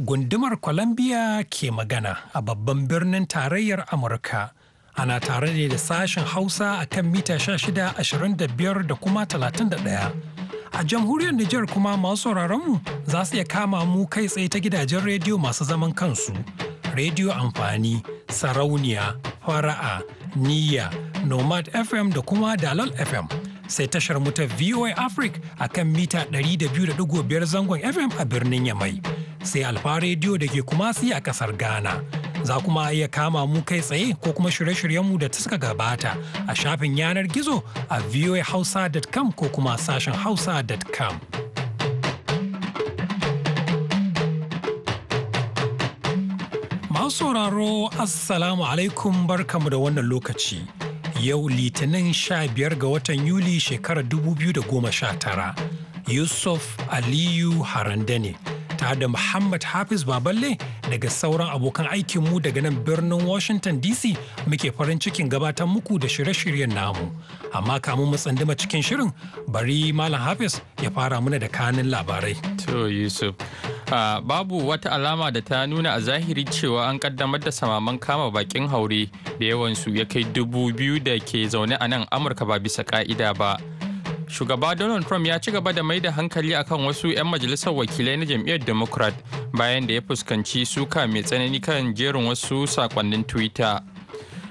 gundumar Columbia ke magana a babban birnin tarayyar Amurka. Ana tare ne da sashen Hausa a kan mita 1625 da kuma talatin 31. A jamhuriyar Nijar kuma masu sauraronmu za su iya kama mu kai tsaye ta gidajen rediyo masu zaman kansu. Rediyo amfani, sarauniya, fara'a, niyya, nomad FM da kuma dalal FM. Sai tashar mu ta VOA Africa a kan mita 200.5 zangon FM a birnin Yamai. sai alfa rediyo da ke kumasi a kasar Ghana. Za kuma iya kama mu kai tsaye ko kuma shirye-shiryenmu da ta suka gabata a shafin yanar gizo a voahausa.com ko kuma sashen hausa.com. Masu sauraro Assalamu alaikum barkamu da wannan lokaci. Yau Litinin 15 ga watan Yuli shekarar 2019. Yusuf Aliyu Harande ne. tare da Muhammad Hafiz Baballe daga sauran abokan aikinmu daga nan birnin Washington DC muke farin cikin gabatar muku da shirye-shiryen namu. Amma kamun mu tsanduma cikin shirin bari Malam Hafiz ya fara mana da kanin labarai. To Yusuf, babu wata alama da ta nuna a zahiri cewa an kaddamar da samaman kama bakin haure da yawansu ya kai dubu biyu da ke zaune a nan Amurka ba bisa ka'ida ba. shugaba donald trump ya ci gaba da mai da hankali akan wasu 'yan majalisar wakilai na jam'iyyar democrat bayan da ya fuskanci suka mai tsanani kan jerin wasu sakonnin twitter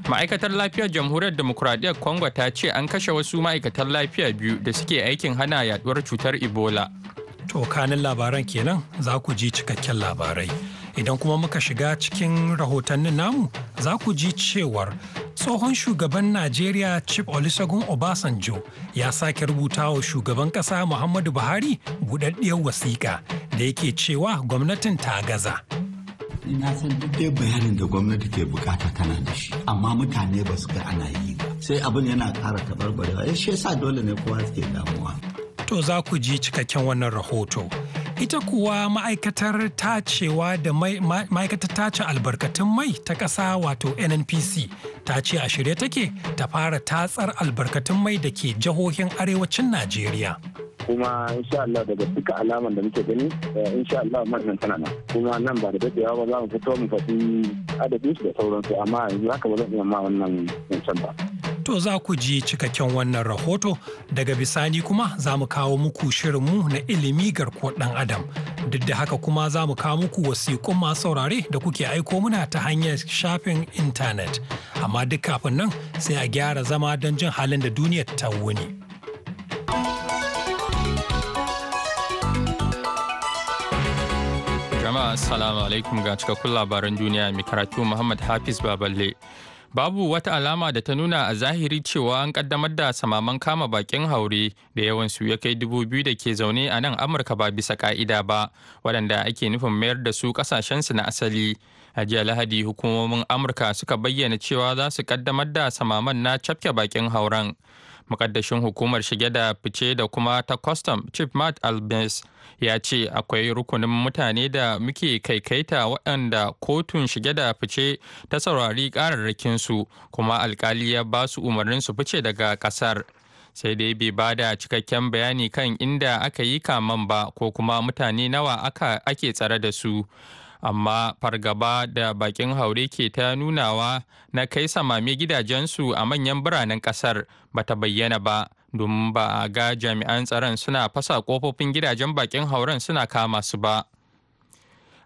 ma'aikatar lafiyar jamhuriyar demokuraɗiyyar congo ta ce an kashe wasu ma'aikatan lafiya biyu da suke aikin hana yaduwar cutar ebola to kanin labaran kenan za ku ji cikakken labarai Idan kuma muka shiga cikin rahotannin namu za ku ji cewar tsohon shugaban Najeriya Chief Olusegun Obasanjo ya sake rubuta wa shugaban ƙasa Muhammadu Buhari buɗaɗɗiyar wasiƙa da yake cewa gwamnatin ta gaza. Ina san duk dai bayanin da gwamnati ke bukata tana da shi, amma mutane ba su ga ana yi ba. Sai abin yana ƙara taɓarɓarewa, eh, ya shi dole ne kowa suke damuwa. To za ku ji cikakken wannan rahoto. ita kuwa ma'aikatar tacewa da ma'aikatar tace albarkatun mai ta kasa wato nnpc ta ce a shirye take ta fara tatsar albarkatun mai da ke jihohin arewacin najeriya kuma insha Allah daga duka alaman da muke gani eh, insha Allah wannan tana nan kuma nan ba da dadewa ba za mu fito mu faɗi adadin su da sauransu amma yanzu haka ba zan iya ma wannan zancen ba To za ku ji cikakken wannan rahoto daga bisani kuma za mu kawo muku shirinmu na ilimi garkuwar ɗan adam. Duk da haka kuma za mu kawo muku wasiƙun masu saurare da kuke aiko muna ta hanyar shafin intanet. Amma duk kafin nan sai a gyara zama don jin halin da duniyar ta wuni. Jama'a Assalamu alaikum ga cikakkun labaran duniya mai karatu Muhammad Hafiz Baballe. babu wata alama da ta nuna a zahiri cewa an kaddamar da samaman kama bakin haure da yawansu ya kai dubu biyu da ke zaune a nan amurka ba bisa ka'ida ba waɗanda ake nufin mayar da su ƙasashensu na asali a jiya lahadi hukumomin amurka suka bayyana cewa za su kaddamar da samaman na cafke bakin hauren makaddashin hukumar shige da fice da kuma ta custom chief matt albans ya ce akwai rukunin mutane da muke kaikaita waɗanda kotun shige da fice ta saurari ƙararrakin su kuma alkali ya ba su umarnin su fice daga ƙasar sai dai bai ba da cikakken bayani kan inda aka yi kaman ba ko kuma mutane nawa ake tsare da su amma fargaba da bakin haure ke ta nunawa na kai samame gidajensu a manyan biranen kasar bata bayyana ba domin ba a ga jami'an tsaron suna fasa kofofin gidajen bakin hauren suna kama su ba.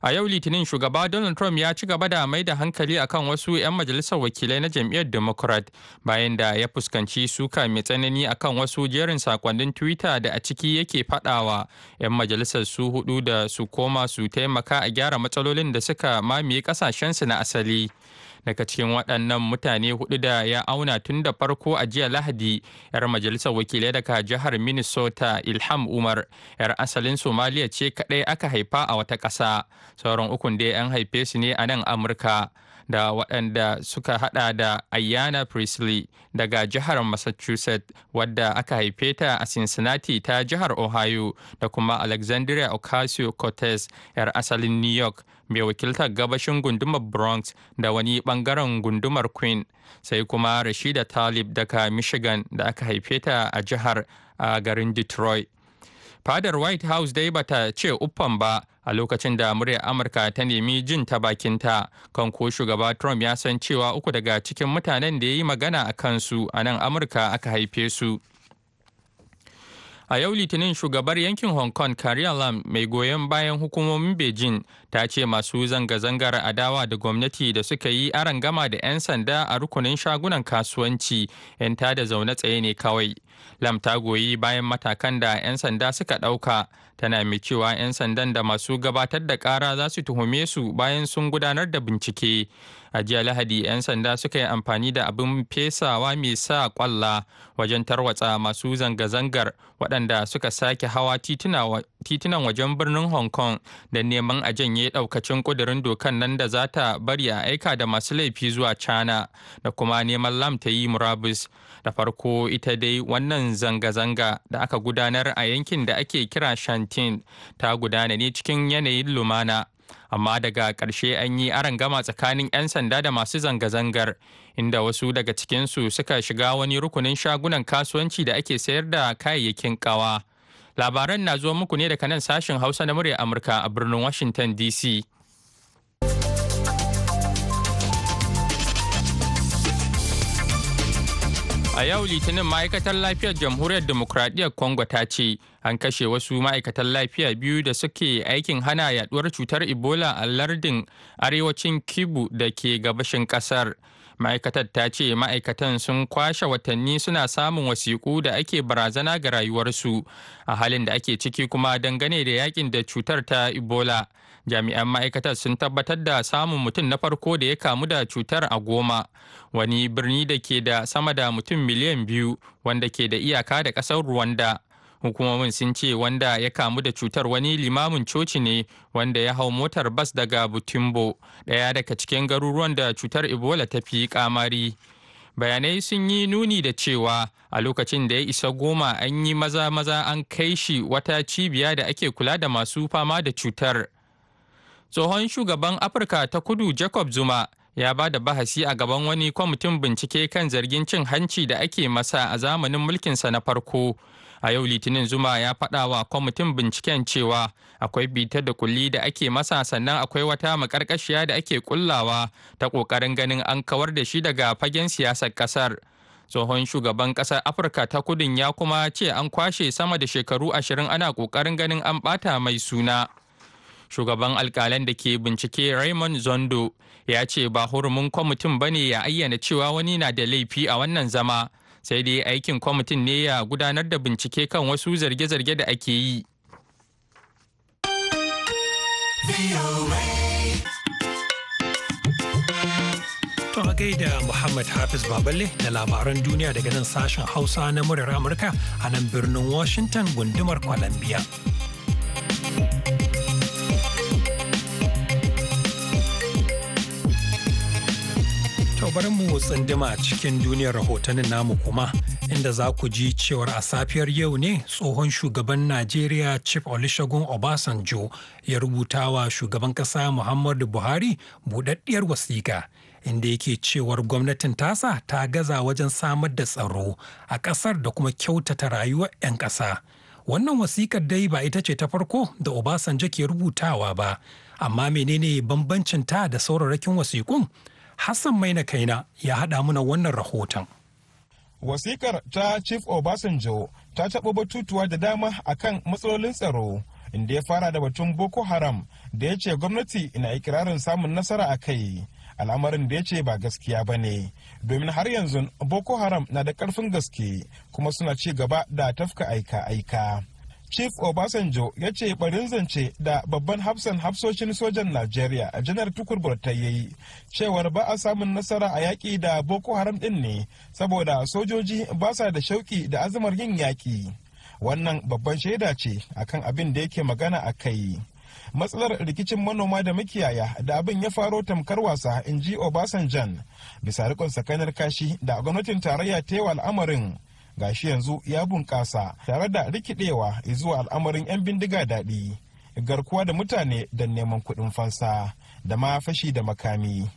A yau Litinin shugaba Donald Trump ya ci gaba da mai da hankali akan wasu 'yan majalisar wakilai na jam'iyyar Democrat bayan da ya fuskanci suka mai tsanani akan wasu jerin sakonnin Twitter da a ciki yake fadawa 'yan majalisar su hudu da su koma su taimaka a gyara matsalolin da suka mamaye kasashensu na asali. daga cikin waɗannan mutane hudu da ya auna tun da farko a jiya lahadi yar majalisar wakilai daga jihar minnesota ilham umar yar asalin somaliya ce kaɗai aka haifa a wata ƙasa sauran ukun dai an haife su ne a nan amurka da waɗanda suka hada da ayyana Presley daga jihar Massachusetts wadda aka haife ta a Cincinnati ta jihar Ohio da kuma Alexandria Ocasio-Cortez 'yar asalin New York mai wakiltar gabashin gundumar bronx da wani bangaren gundumar queen sai kuma rashida talib daga michigan da aka haife ta a jihar a garin detroit fadar white house dai bata ce uffan ba a lokacin da muryar amurka ta nemi jin ta bakinta kan ko shugaba trump ya san cewa uku daga cikin mutanen da ya yi magana a kansu a nan amurka aka haife su A yau Litinin shugabar yankin Hong Kong Carrie Lam mai goyon bayan hukumomin Beijing ta ce masu zanga-zangar adawa da gwamnati da suka yi aron gama da 'yan sanda a rukunin shagunan kasuwanci 'yan da zaune tsaye ne kawai. Lam ta goyi bayan matakan da 'yan sanda suka ɗauka tana mai cewa 'yan sandan da masu gabatar da kara za su tuhume su bayan sun gudanar da bincike. a jiya lahadi 'yan sanda suka yi amfani da abin fesawa mai sa kwalla wajen tarwatsa masu zanga-zangar waɗanda suka sake hawa titunan wajen birnin hong kong da neman a janye ɗaukacin ƙudurin dokan nan da za ta bari a aika da masu laifi zuwa china da kuma neman lam ta yi murabus da farko ita dai wannan zanga-zanga da aka gudanar a yankin da ake kira shantin ta gudana ne cikin yanayin lumana amma daga ƙarshe an yi gama tsakanin 'yan sanda da masu zanga-zangar inda wasu daga cikinsu suka shiga wani rukunin shagunan kasuwanci da ake sayar da kayayyakin kawa labaran na zuwa muku ne daga nan sashen hausa na murya amurka a birnin washington dc A yau Litinin ma'aikatar lafiyar jamhuriyar demokradiyyar Congo ta ce an kashe wasu ma'aikatan lafiya biyu da suke aikin hana yaduwar cutar ebola a lardin arewacin kibu da ke gabashin kasar ma'aikatar ta ce ma'aikatan sun kwashe watanni suna samun wasiƙu da ake barazana ga rayuwarsu a halin da ake ciki kuma dangane da yakin da cutar ta ebola jami'an ma'aikatar sun tabbatar da samun mutum na farko da ya kamu da cutar a goma wani birni da ke da sama da mutum miliyan biyu wanda ke da iyaka da ƙasar rwanda hukumomin sun ce wanda ya kamu da cutar wani limamin coci ne wanda ya hau motar bas daga butimbo daya daga cikin garuruwan da cutar ebola ta fi kamari bayanai sun yi nuni da cewa a lokacin da ya isa goma an yi maza-maza an kai shi wata cibiya da ake kula da masu fama da cutar tsohon shugaban afirka ta kudu jacob zuma ya ba da bahasi a gaban wani kwamitin bincike kan zargin cin hanci da ake masa a zamanin mulkinsa na farko a yau litinin zuma ya faɗa wa kwamitin binciken cewa akwai bita da kulli da ake masa sannan akwai wata makarkashiya da ake kullawa ta ƙoƙarin ganin an kawar da shi daga fagen siyasar ƙasar tsohon shugaban ƙasar afirka ta kudin ya kuma ce an kwashe sama da shekaru ashirin ana kokarin ganin an ɓata mai suna shugaban alkalan da ke bincike raymond zondo ya ce ba hurumin kwamitin ba ne ya ayyana cewa wani na da laifi a wannan zama sai dai aikin kwamitin ne ya gudanar da bincike kan wasu zarge-zarge da ake yi Tun a da Muhammad Hafiz Baballe da labaran duniya daga nan sashen Hausa na muryar Amurka a nan birnin Washington gundumar Columbia. bar mu tsindima cikin duniyar rahotannin namu kuma inda za ku ji cewar a safiyar yau ne tsohon shugaban Najeriya Chief Olusegun Obasanjo ya rubuta wa shugaban kasa Muhammadu Buhari budaddiyar wasiƙa inda yake cewar gwamnatin tasa ta gaza wajen samar da tsaro a ƙasar da kuma kyautata rayuwar 'yan ƙasa. Wannan wasiƙar dai ba ita ce ta farko da Obasanjo ke rubutawa ba, amma menene bambancinta da saurarakin wasiƙun? Hassan mai Maina Kaina ya haɗa mana wannan rahoton. Wasikar ta Chief Obasanjo ta taɓa batutuwa da dama akan matsalolin tsaro inda ya fara da batun Boko Haram da ya ce gwamnati na ikirarin samun nasara a kai. al'amarin da ya ce ba gaskiya ba ne domin har yanzu boko haram na da karfin gaske kuma suna ci gaba da tafka aika-aika chief obasanjo ya ce barin zance da babban hafsan hafsoshin sojan najeriya a janar tukur ta yi cewar ba a samun nasara a yaƙi da boko haram ɗin ne saboda sojoji ba sa da shauƙi da azumar yin yaƙi wannan babban shaida ce akan abin da yake magana a kai matsalar rikicin manoma da makiyaya da abin ya faro tamkar wasa in ji obasanjan bisa rikon tsakanin kashi da gwamnatin tarayya ta yi al'amarin gashi yanzu ya bunkasa tare da rikidewa zuwa al'amarin 'yan bindiga daɗi garkuwa da mutane don neman kuɗin fansa da ma fashi da makami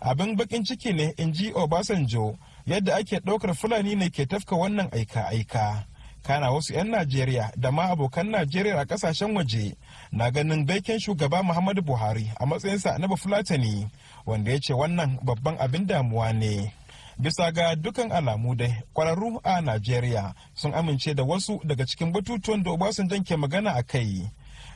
abin bakin ciki ne in ji obasanjo yadda ake ɗaukar fulani ne ke tafka wannan aika-aika kana wasu 'yan najeriya da ma abokan najeriya a kasashen waje na ganin baikin shugaba muhammadu buhari a matsayinsa na bafulatani wanda ya ce wannan babban abin damuwa ne bisa ga dukan alamu da kwararru a najeriya sun amince da wasu daga cikin batutuwan da su ke magana a kai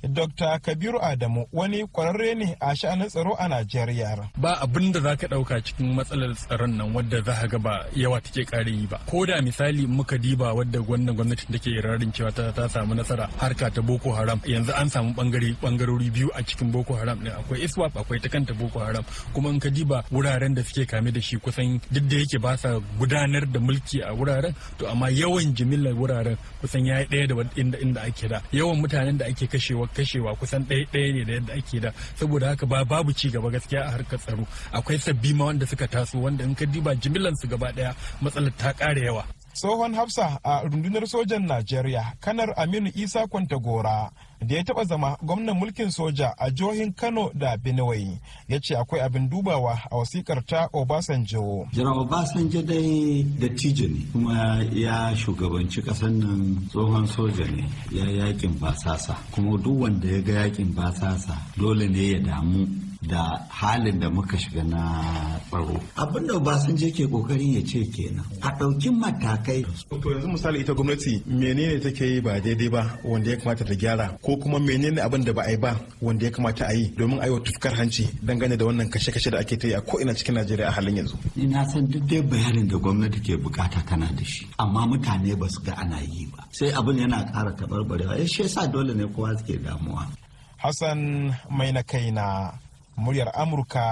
Dr. Kabiru Adamu wani kwararre ne a sha'anin tsaro a Najeriya. Ba abin da za ka ɗauka cikin matsalar tsaron nan wadda za ga ba yawa take ƙare yi ba. Ko da misali muka diba wadda wannan gwamnatin take rarin cewa ta, ta samu nasara harka ta Boko Haram yanzu an samu bangare bangarori biyu a cikin Boko Haram ne akwai ISWAP akwai ta kanta Boko Haram kuma in ka diba wuraren da suke kame da shi kusan duk da yake ba sa gudanar da mulki a wuraren to amma yawan jimillar wuraren kusan ya yi ɗaya da inda ake da yawan mutanen da ake kashewa kashewa kusan ɗaya ɗaya ne da yadda ake da saboda haka ba babu ci gaba gaskiya a harkar tsaro akwai sabbi ma wanda suka taso wanda in ka diba jimillan su gaba ɗaya matsalar ta ƙara yawa. tsohon hafsa a rundunar sojan najeriya kanar aminu isa kwantagora da ya taɓa zama gwamnan mulkin soja a jihohin Kano da Benue ya ce akwai abin dubawa a wasikar ta Obasanjo. Jiran Obasanjo dai da tijo ne kuma ya shugabanci ƙasar nan tsohon soja ne ya yakin basasa kuma duk wanda ya ga yakin basasa dole ne ya damu da halin da muka shiga na tsaro. Abin da Obasanjo ke kokarin ya ce kenan. A ɗauki matakai. To yanzu misali ita gwamnati menene take yi ba daidai ba wanda ya kamata ta gyara ko ko kuma menene abin da ba a yi ba wanda ya kamata a yi domin a yi wa tufkar hanci dangane da wannan kashe-kashe da ake ta yi a ko'ina cikin Najeriya a halin yanzu. Ina san duk dai bayanin da gwamnati ke bukata tana da shi amma mutane ba su ga ana yi ba sai abin yana kara tabarbarewa eh, ya shi dole ne kowa suke damuwa. Hassan mai na kai na muryar Amurka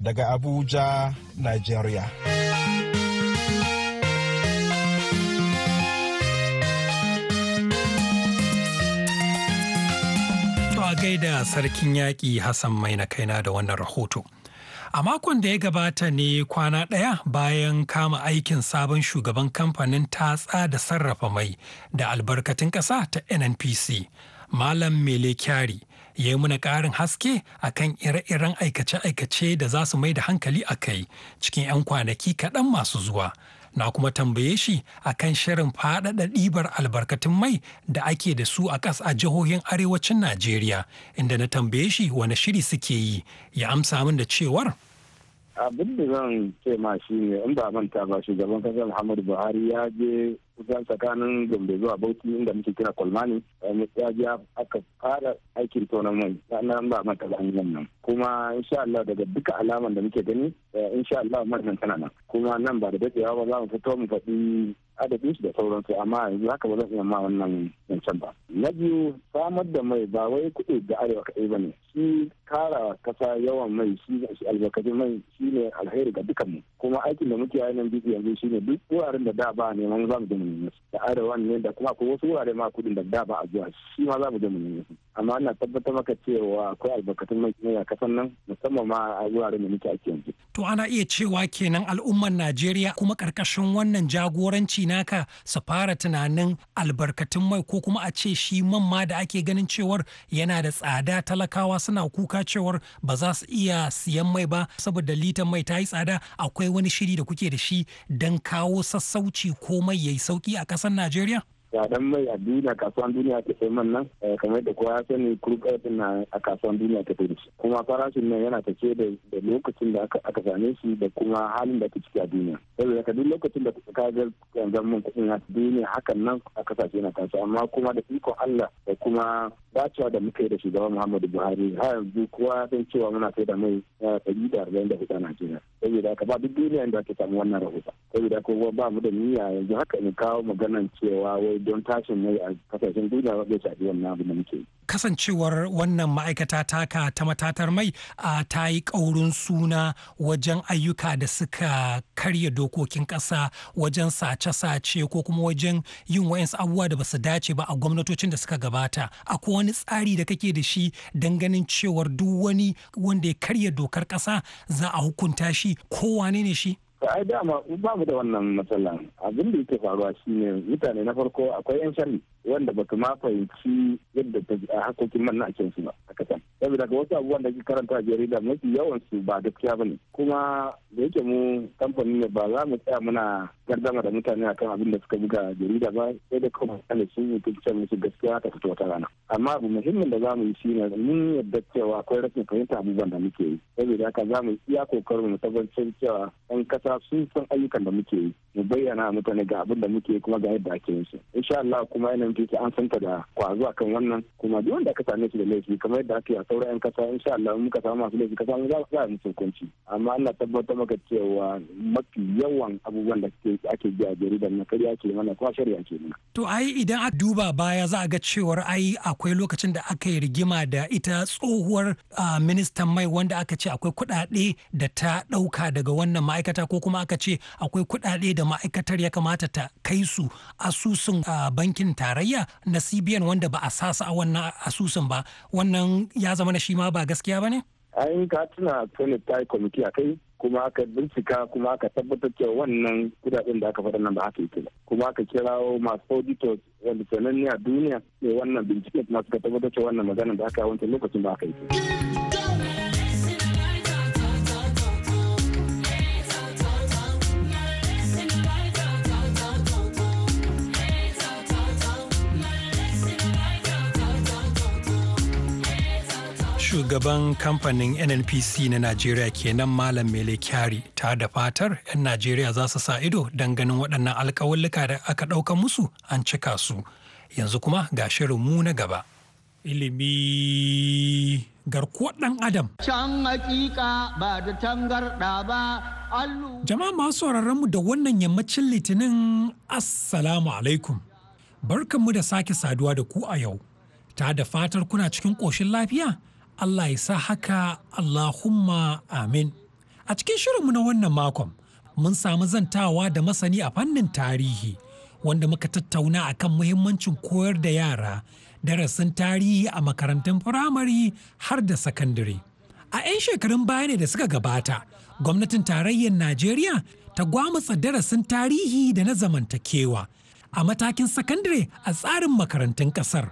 daga Abuja, Najeriya. a gaida sarkin yaƙi Hassan mai na kaina da wannan rahoto. A makon da ya gabata ne kwana ɗaya bayan kama aikin sabon shugaban kamfanin tatsa da sarrafa mai da albarkatun ƙasa ta NNPC, Malam Mele Kyari, ya yi muna ƙarin haske a kan ire-iren aikace-aikace da za su mai da hankali a kai cikin 'yan kwanaki kaɗan masu zuwa. na kuma tambaye shi a kan shirin faɗaɗa ɗibar albarkatun mai da ake da su a ƙasa a jihohin arewacin najeriya inda na tambaye shi wani shiri suke yi ya amsa min da cewar abin da zan ce ma shi ne in ba manta ba shugaban kasar muhammadu buhari ya je kusan tsakanin gombe zuwa bauchi inda muke kira kolmani eh, ya biya aka fara aikin tonon mai sannan ba mata hanyar nan kuma insha Allah daga duka alaman da muke gani eh, insha Allah man tana nan kuma nan ba da dadewa ba za mu fito mu faɗi adadin su da sauransu amma yanzu haka ba zan iya ma wannan wancan ba na biyu samar da mai ba wai kuɗi da arewa kaɗai ba ne shi kara kasa yawan mai shi shi albarkatun mai shi ne alheri ga dukanmu kuma aikin da muke yi nan bibi yanzu shi ne duk wuraren da da ba neman za mu da arewa ne da kuma akwai wasu wurare ma kudin da da ba a zuwa shi ma za mu je mu nemi amma ana tabbatar maka cewa akwai albarkatun mai a kasan nan musamman ma a wuraren da muke ake yanzu. To ana iya cewa kenan al'ummar Najeriya kuma karkashin wannan jagoranci naka su fara tunanin albarkatun mai ko kuma a ce shi man ma da ake ganin cewar yana da tsada talakawa suna kuka cewar ba za su iya siyan mai ba saboda litan mai ta yi tsada akwai wani shiri da kuke da shi don kawo sassauci ko mai yi sauki a kasar Najeriya? tsadan mai a duniya kasuwan duniya ta sai man nan eh, kamar da kowa ya sani kurkar na a kasuwan duniya ta sai kuma farashin nan yana tafiye da lokacin da aka same shi da kuma halin da ake ciki a duniya saboda ka duk lokacin da ka ga yanzu mun kuɗin a duniya hakan nan a kasashe na kasuwa amma kuma da ikon Allah da kuma dacewa da muka yi da shugaban Muhammadu Buhari har yanzu kowa ya san cewa muna sai da mai eh, ɗari da arba'in da hudu a Najeriya saboda ka ba duk duniya da ake samu wannan rahoton. saboda ko ba mu da niyya yanzu haka in kawo maganar cewa wai don tashin mai a kasashen duniya ba zai shafi wannan abu da muke kasancewar wannan ma'aikata taka ta matatar mai a ta yi ƙaurin suna wajen ayyuka da suka karya dokokin ƙasa wajen sace-sace ko kuma wajen yin wayansu abubuwa da basu dace ba a gwamnatocin da suka gabata akwai wani tsari da kake da shi don ganin cewar duk wani wanda ya karya dokar ƙasa za a hukunta shi ko wane ne shi ai dama ba mu da wannan matsalan abin da yake faruwa shine mutane na farko akwai yan sharri wanda ba ma fahimci yadda a hakokin manna a kinsu ba a kasan saboda daga wasu abubuwan da ke karanta a jarida mafi yawan su ba gaskiya bane kuma da yake mu kamfani ne ba za mu tsaya muna gardama da mutane kan abin da suka buga jarida ba sai da kawai mutane sun yi tukce musu gaskiya ta fito wata rana amma abu muhimmin da zamu yi shine mun yadda cewa akwai rashin fahimta abubuwan da muke yi saboda haka zamu iya kokarin mu tabbatar cewa yan kasa sun san ayyukan da muke yi mu bayyana mutane ga abin da muke yi kuma ga yadda ake yin su insha Allah kuma yana mutunci an san ta da kwazo kan wannan kuma duk wanda aka same shi da laifi kamar yadda ake a sauran yan kasa insha Allah muka samu masu laifi kasa mu za mu musu hukunci amma Allah tabbatar maka cewa mafi yawan abubuwan da suke ake biya jaridar na karya ke mana kuma shari'a ke mana. To ai idan a duba baya za a ga cewar ai akwai lokacin da aka yi rigima da ita tsohuwar ministan mai wanda aka ce akwai kuɗaɗe da ta ɗauka daga wannan ma'aikata ko kuma aka ce akwai kuɗaɗe da ma'aikatar ya kamata ta kai su asusun bankin tarayya na CBN wanda ba a sasa a wannan asusun ba wannan ya zama na shi ma ba gaskiya ba ne? ayin ka tuna senate ta yi kwamiti a kai kuma ka bincika kuma ka tabbatar cewa wannan kudaden da aka faɗa nan ba haka yake ba kuma ka kirawo masu auditors wanda sananne a duniya ne wannan bincike kuma suka tabbatar cewa wannan magana da aka yi wancan lokacin ba haka yake shugaban kamfanin nnpc na najeriya kenan malam mele kyari ta da fatar 'yan najeriya za su sa ido don ganin waɗannan alkawallika da aka ɗauka musu an cika su yanzu kuma ga shirin mu na gaba ilimi garkuwar ɗan adam. Can hakika ba da tangarɗa ba, Jama'a masu mu da wannan yammacin litinin Assalamu alaikum. Barkanmu da sake saduwa da ku a yau, ta da fatar kuna cikin ƙoshin lafiya Allah ya sa haka Allahumma amin. A cikin shirinmu na wannan makon, mun samu zantawa da masani a fannin tarihi, wanda muka tattauna a kan muhimmancin koyar da yara darasin tarihi a makarantun firamare har da sakandare. A 'yan shekarun baya ne da suka gabata, gwamnatin tarayyar Najeriya ta gwamutsa darasin tarihi da na zamantakewa a matakin sakandare a tsarin makarantun ƙasar.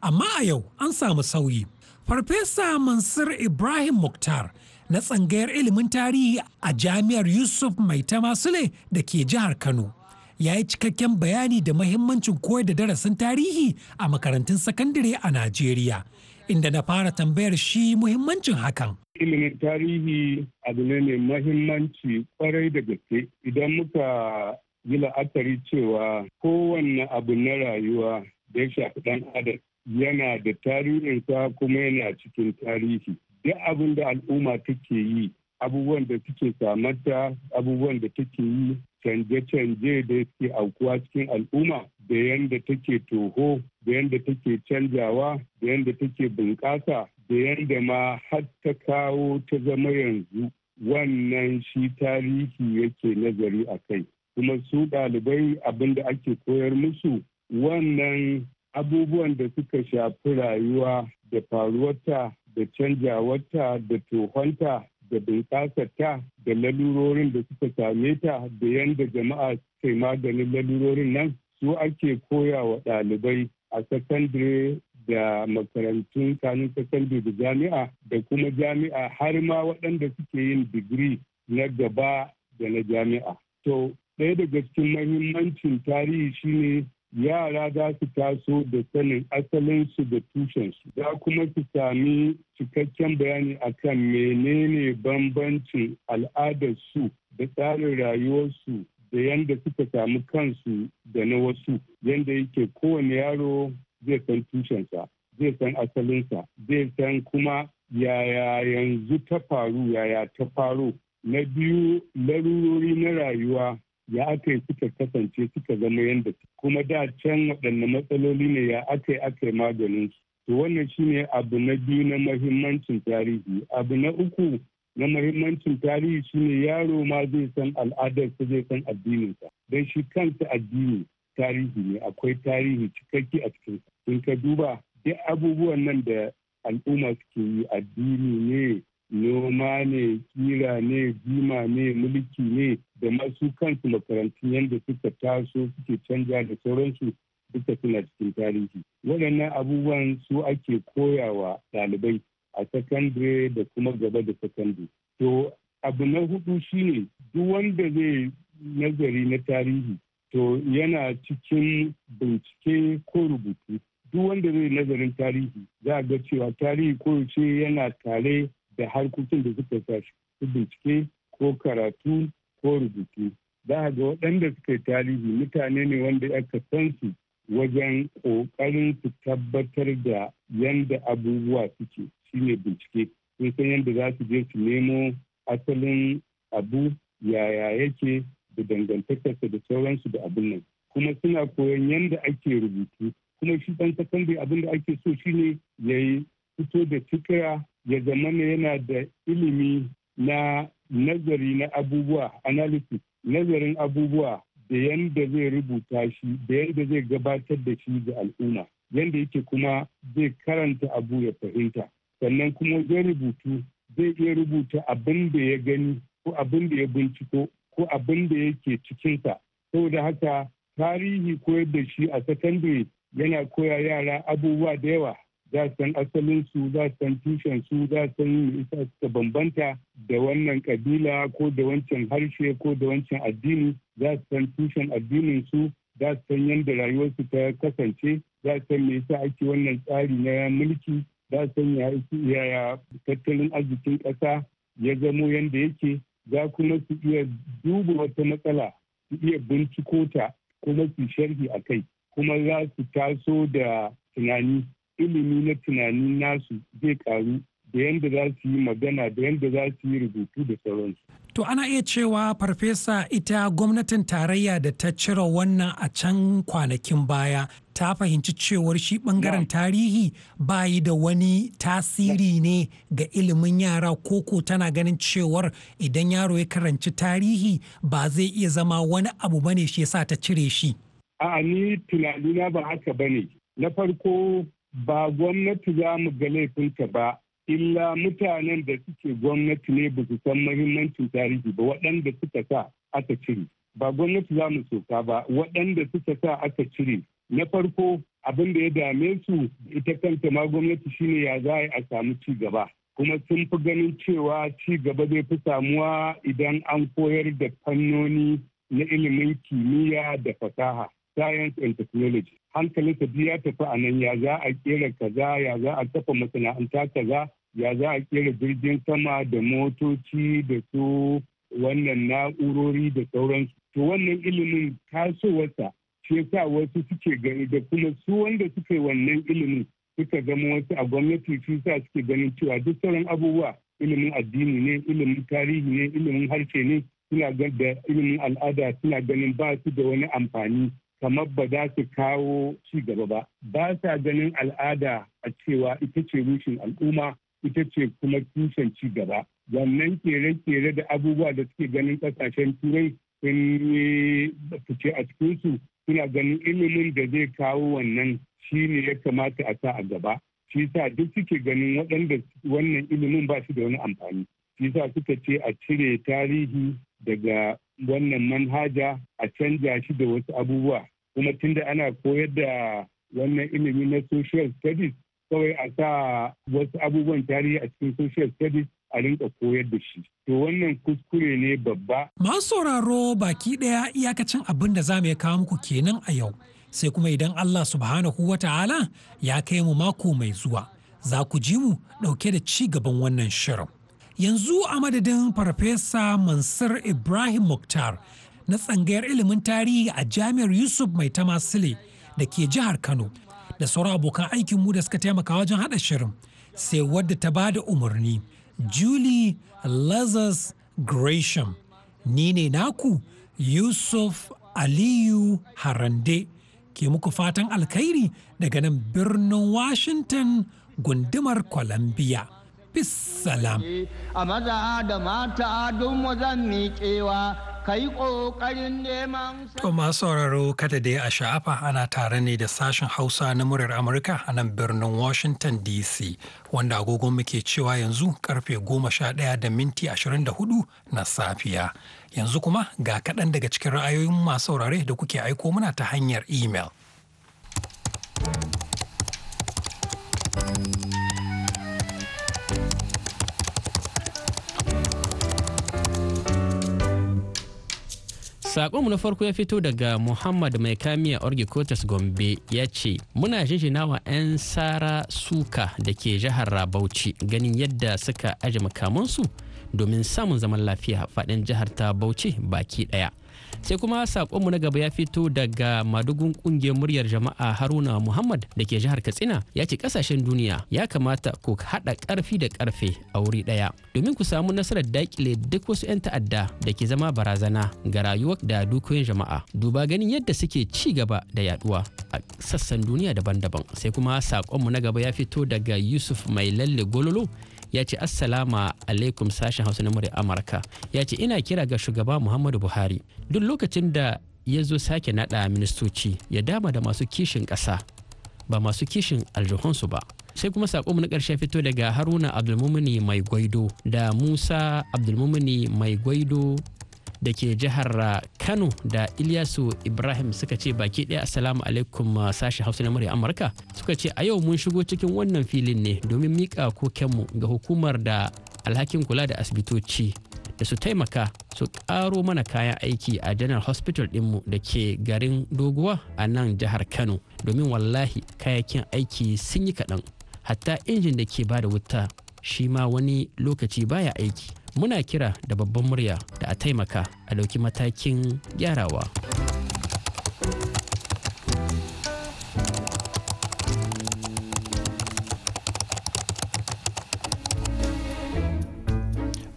Amma a yau an samu sauyi. Farfesa Mansur Ibrahim Mukhtar na tsangayar ilimin tarihi a jami'ar Yusuf Maitama Sule da ke jihar Kano. Ya yi cikakken bayani da mahimmancin koyar da darasin tarihi a makarantun sakandare a Najeriya, inda na fara tambayar shi muhimmancin hakan. Ilimin tarihi abu ne mai mahimmanci kwarai da gaske idan muka yi la'akari cewa kowanne abu na rayuwa da ya shafi ɗan adam yana da tarihinsa kuma yana cikin tarihi duk abin da al'umma take yi abubuwan da suke samarta abubuwan da take yi canje-canje da suke aukuwa cikin al'umma da yadda take toho da yadda take canjawa da yadda take bunƙasa da yadda ma har ta kawo ta zama yanzu wannan shi tarihi yake nazari a kai kuma su ɗalibai abin da ake koyar musu wannan abubuwan da suka shafi rayuwa da faruwarta da canjawarta da tohonta da bunƙasarta da lalurorin da suka same ta da yadda jama'a suke maganin lalurorin nan su ake koya wa ɗalibai a sakandare da makarantun kanun sakandare da jami'a da kuma jami'a har ma waɗanda suke yin digiri na gaba da na jami'a. To ɗaya daga cikin mahimmancin tarihi shine yara za su taso da sanin asalin su da tushensu za kuma su sami cikakken bayani akan menene bambancin al'adarsu da tsarin rayuwarsu da yadda suka samu kansu da na wasu yadda yake kowane yaro zai san tushensa zai san asalinsa zai san kuma yaya yanzu ta faru yaya ta faro na biyu larurori na rayuwa ya aka yi suka kasance suka zama yadda kuma da can waɗanne matsaloli ne ya aka yi aka yi maganin su to wannan shine abu na biyu na mahimmancin tarihi abu na uku na mahimmancin tarihi shine yaro ma zai san al'adar su zai san addininsa don shi kansa addini tarihi ne akwai tarihi cikakke a cikin in ka duba duk abubuwan nan da al'umma suke yi addini ne noma ne kira ne jima ne mulki ne da masu kansu makarantun yadda suka taso suke canja da sauransu duka suna cikin tarihi waɗannan abubuwan su ake koyawa ɗalibai a sakandare da kuma gaba da sakandare to abu na hudu shine duk wanda zai nazari na tarihi to yana cikin bincike ko rubutu duk wanda zai nazarin tarihi za a ga cewa tarihi ko yana tare da harkokin da suka shafi bincike ko karatu ko rubutu za a ga waɗanda suka yi tarihi mutane ne wanda aka san su wajen ƙoƙarin su tabbatar da yanda abubuwa suke shine bincike sun san yadda za su je su nemo asalin abu yaya yake da dangantakarsa da sauransu da abin nan kuma suna koyon yanda ake rubutu kuma shi ɗan sakandare abin da ake so shine ya yi fito da fikira ya zamana yana da ilimi na nazari na abubuwa analysis nazarin abubuwa da yadda zai rubuta shi da yadda zai gabatar da shi ga al'umma yadda yake kuma zai karanta abu ya fahimta sannan kuma zai rubutu zai iya rubuta abin da ya gani ko abin da ya binciko ko abin da yake cikinsa saboda haka tarihi koyar da shi a sakandare yana koya yara abubuwa da yawa za san asalin su za san tushen su za su san isa suka bambanta da wannan kabila ko da wancan harshe ko da wancan addini za san tushen addinin su za san yadda rayuwarsu ta kasance za su san me yasa ake wannan tsari na mulki za su san yaya tattalin arzikin ƙasa ya zamo yadda yake za kuma su iya duba wata matsala su iya binciko ta kuma su sharhi a kai kuma za su taso da tunani ilimi na tunani nasu zai karu da yadda za su yi magana da yadda za su yi rubutu da sauransu. To ana iya cewa farfesa ita gwamnatin tarayya da ta cire wannan a can kwanakin baya ta fahimci cewar shi bangaren tarihi bayi da wani tasiri ne ga ilimin yara koko tana ganin cewar idan yaro ya karanci tarihi ba zai iya zama wani abu bane shi yasa ta cire shi. A'a ni tunanina ba haka bane. Na farko ba gwamnati za mu ga laifinta ba illa mutanen da suke gwamnati ne ba su san mahimmancin tarihi ba waɗanda suka sa aka cire ba gwamnati za mu soka ba waɗanda suka sa aka cire na farko abin da ya dame su ita kanta ma gwamnati shine ya za a samu ci gaba kuma sun fi ganin cewa ci gaba zai fi samuwa idan an koyar da fannoni na ilimin kimiyya da fasaha science and technology hankalin ta biya tafi a nan ya za a kera kaza ya za a kafa masana'anta kaza ya za a kera jirgin sama da motoci da su wannan na'urori da sauransu to wannan ilimin kasuwarsa shi sa wasu suke gani da kuma su wanda suka yi wannan ilimin suka zama wasu a gwamnati su sa suke ganin cewa duk sauran abubuwa ilimin addini ne ilimin tarihi ne ilimin harshe ne suna da ilimin al'ada suna ganin ba su da wani amfani kamar ba za su kawo ci gaba ba ba sa ganin al'ada a cewa ita ce rushin al'umma ita ce kuma tushen ci gaba wannan kere-kere da abubuwa da suke ganin kasashen turai sun yi fice a cikinsu suna ganin ilimin da zai kawo wannan shi ne ya kamata a sa a gaba shi sa duk suke ganin waɗanda wannan ilimin ba su da wani amfani shi sa suka ce a cire tarihi daga wannan manhaja a canja shi da wasu abubuwa kuma tunda ana koyar da wannan ilimi na social studies kawai a sa wasu abubuwan tarihi a cikin social studies a rinka koyar da shi. To wannan kuskure ne babba. Masu sauraro baki ɗaya iyakacin abin da za mu kawo muku kenan a yau. Sai kuma idan Allah subhanahu wa ta'ala ya kai mu mako mai zuwa, za ku ji mu ɗauke da ci gaban wannan shirin. yanzu a madadin farfesa mansur ibrahim mukhtar na tsangayar ilimin tarihi a jami'ar yusuf mai tamasile da ke jihar kano da sauran abokan aikinmu da suka taimaka wajen haɗa shirin sai wadda ta ba da umarni julie lazarus gresham ni ne naku yusuf aliyu harande ke muku fatan alkhairi daga nan birnin washington gundumar columbia bisalam. A maza da mata don zan miƙewa kai ƙoƙarin neman. To masu sauraro kada dai a sha'afa ana tare ne da sashen Hausa na muryar Amurka a nan birnin Washington DC wanda agogon muke cewa yanzu karfe goma sha ɗaya da minti ashirin da hudu na safiya. Yanzu kuma ga kaɗan daga cikin ra'ayoyin masu saurare da kuke aiko muna ta hanyar imel. sakon mu na farko ya fito daga Muhammad Mai Kamiya Orgi Kotas Gombe ya ce, Muna jijina wa 'yan Sara Suka da ke jihar Rabauci ganin yadda suka aji makamansu domin samun zaman lafiya faɗin jihar ta Bauchi baki ɗaya. sai kuma sakonmu na gaba ya fito daga madugun kungiyar muryar jama'a haruna muhammad da ke jihar katsina ya ce kasashen duniya ya kamata ku haɗa ƙarfi da ƙarfe a wuri ɗaya domin ku samu nasarar daƙile duk wasu 'yan ta'adda da ke zama barazana ga rayuwa da dukiyoyin jama'a duba ganin yadda suke ci gaba da yaduwa a sassan duniya daban-daban sai kuma sakonmu na gaba ya fito daga yusuf mai lalle gololo ya ce assalamu alaikum sashen hausa na murya amurka ya ce ina kira ga shugaba muhammadu buhari duk lokacin da ya zo sake naɗa ministoci ya dama da masu kishin ƙasa ba masu kishin aljihunsu ba sai kuma saƙo na ƙarshe fito daga haruna abdulmumini mai gwaido da musa abdulmumini mai gwaido da ke jihar uh, kano da ilyasu ibrahim suka ce baki ɗaya assalamu alaikum uh, sashi hausa na murya amurka suka ce a yau mun shigo cikin wannan filin ne domin miƙa kokenmu ga hukumar da alhakin kula da asibitoci da su taimaka su ƙaro mana kayan aiki a janar hospital ɗinmu da ke garin doguwa a nan jihar kano domin wallahi kayakin aiki sun yi kaɗan hatta injin da ke ba da wuta shi ma wani lokaci baya aiki muna kira da babban murya da a taimaka a ɗauki matakin gyarawa.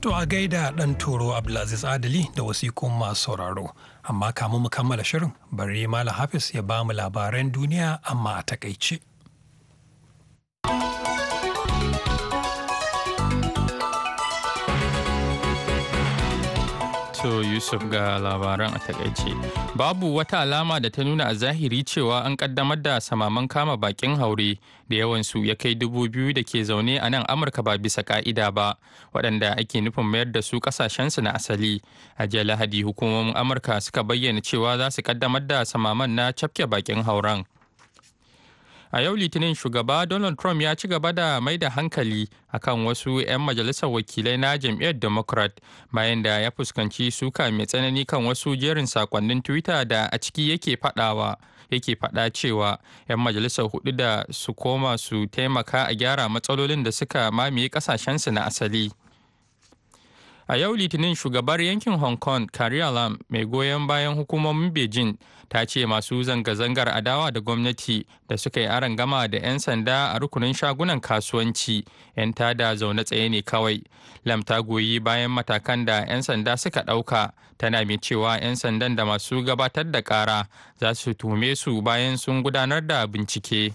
To a gaida ɗan toro Abdulaziz Adali da wasikun masu sauraro, amma kamun mu kammala shirin bari Malam Hafiz ya ba mu labaran duniya amma a takaice. Salisu Yusuf ga labaran a takaice. Babu wata alama da ta nuna a zahiri cewa an kaddamar da samaman kama bakin haure da yawansu ya kai dubu biyu da ke zaune a nan Amurka ba bisa ka'ida ba, waɗanda ake nufin mayar da su ƙasashensu na asali. A jiya Lahadi hukumomin Amurka suka bayyana cewa za su kaddamar da samaman na cafke bakin hauren. a yau litinin shugaba donald trump ya ci gaba da mai da hankali akan wasu 'yan majalisar wakilai na jam'iyyar democrat bayan da ya fuskanci suka mai tsanani kan wasu jerin sakonnin twitter da a ciki yake fadawa yake fada cewa 'yan majalisar hudu da su koma su taimaka a gyara matsalolin da suka mamaye kasashensu na asali. a yau litinin shugabar yankin hong kong carrie lam mai goyon bayan hukumomin beijing ta ce masu zanga-zangar adawa da gwamnati da suka yi aron gama da 'yan sanda a rukunin shagunan kasuwanci 'yan tada zaune tsaye ne kawai lam ta goyi bayan matakan da 'yan sanda suka ɗauka tana mai cewa 'yan sandan da masu gabatar da kara za su tume su bayan sun gudanar da bincike.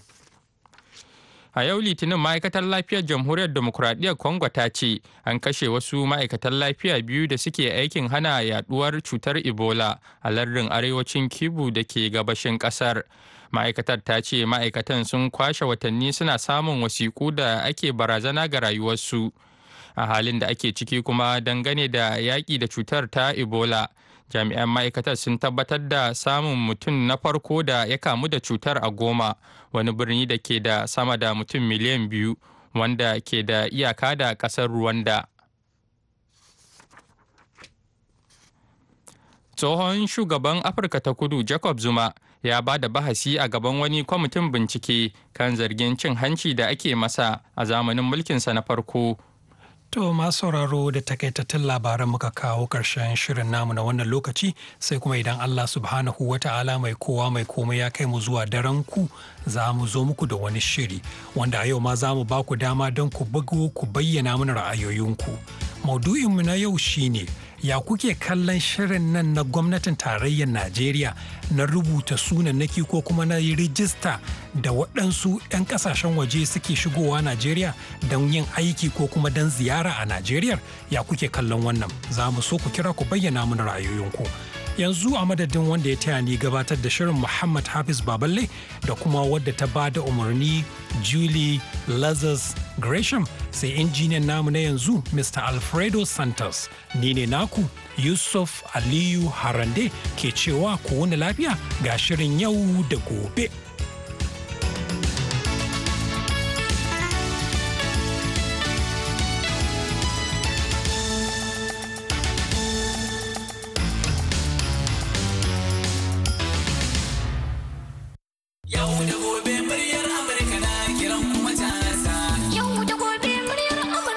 a yau litinin ma'aikatar lafiyar jamhuriyar demokuraɗiyyar congo ta ce an kashe wasu ma'aikatan lafiya biyu da suke aikin hana yaduwar cutar ebola a lardin arewacin kibu da ke gabashin ƙasar ma'aikatar ta ce ma'aikatan sun kwashe watanni suna samun wasiƙu da ake barazana ga rayuwarsu a halin da ake ciki kuma dangane da yaƙi da cutar ta ebola jami'an ma'aikatar sun tabbatar da samun mutum na farko da ya kamu da cutar a goma wani birni da ke da sama da mutum miliyan biyu wanda ke da iyaka da kasar ruwanda. tsohon shugaban afirka ta kudu jacob zuma ya ba da bahasi a gaban wani kwamitin bincike kan zargin cin hanci da ake masa a zamanin mulkinsa na farko To masu sauraro da takaitattun labaran muka kawo ƙarshen shirin namu na wannan lokaci sai kuma idan Allah subhanahu wa ta'ala mai kowa mai komai ya kai mu zuwa daren ku za mu zo muku da wani shiri wanda a yau ma za mu ba ku dama don ku bugu ku bayyana mana ra'ayoyinku. Maudu'inmu na yau shine ya kuke kallon shirin nan na gwamnatin tarayyar najeriya na rubuta naki ko kuma na rijista da waɗansu 'yan ƙasashen waje suke shigowa najeriya don yin aiki ko kuma don ziyara a najeriya ya kuke kallon wannan za mu so ku kira ku bayyana mana ra'ayoyinku yanzu a madadin wanda ya taya ni gabatar da shirin muhammad hafiz baballe da kuma wadda ta ba da umarni julie lazarus gresham sai injiniyan namu na yanzu mr alfredo santos ni ne naku yusuf aliyu harande ke cewa ku wani lafiya ga shirin yau da gobe.